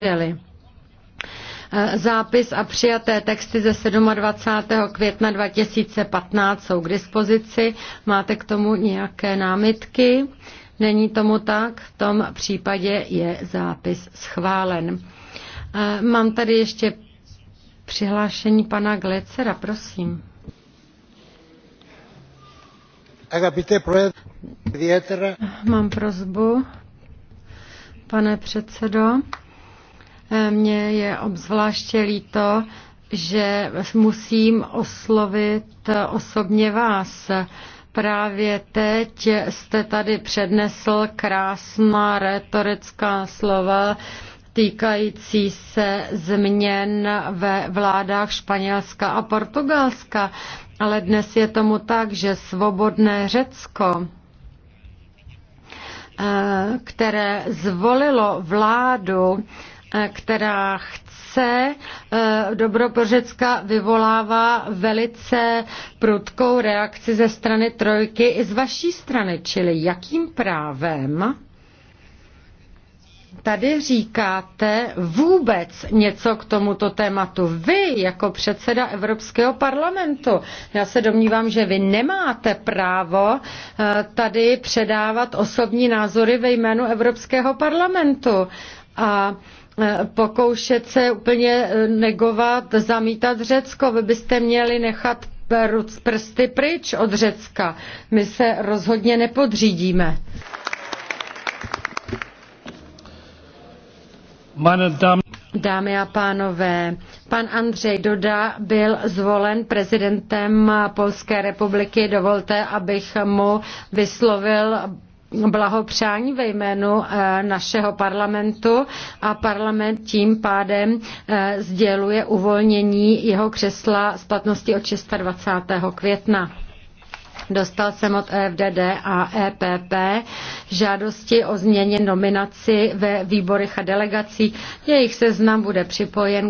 Deli. Eh, zápis a přijaté texty ze 27. května 2015 jsou k dispozici. Máte k tomu nějaké námitky? Není tomu tak? V tom případě je zápis schválen. Eh, mám tady ještě přihlášení pana Glecera, prosím. Mám prozbu, pane předsedo mě je obzvláště líto, že musím oslovit osobně vás. Právě teď jste tady přednesl krásná retorická slova týkající se změn ve vládách Španělska a Portugalska, ale dnes je tomu tak, že svobodné Řecko eh, které zvolilo vládu, Eh, která chce eh, dobro Řecka vyvolává velice prudkou reakci ze strany trojky i z vaší strany, čili jakým právem tady říkáte vůbec něco k tomuto tématu. Vy jako předseda Evropského parlamentu, já se domnívám, že vy nemáte právo eh, tady předávat osobní názory ve jménu Evropského parlamentu a e, pokoušet se úplně e, negovat, zamítat Řecko. Vy byste měli nechat prsty pryč od Řecka. My se rozhodně nepodřídíme. Dámy a pánové, pan Andřej Duda byl zvolen prezidentem Polské republiky. Dovolte, abych mu vyslovil blahopřání ve jménu eh, našeho parlamentu a parlament tím pádem eh, sděluje uvolnění jeho křesla z platnosti od 26. května. Dostal jsem od EFDD a EPP žádosti o změně nominaci ve výborech a delegacích. Jejich seznam bude připojen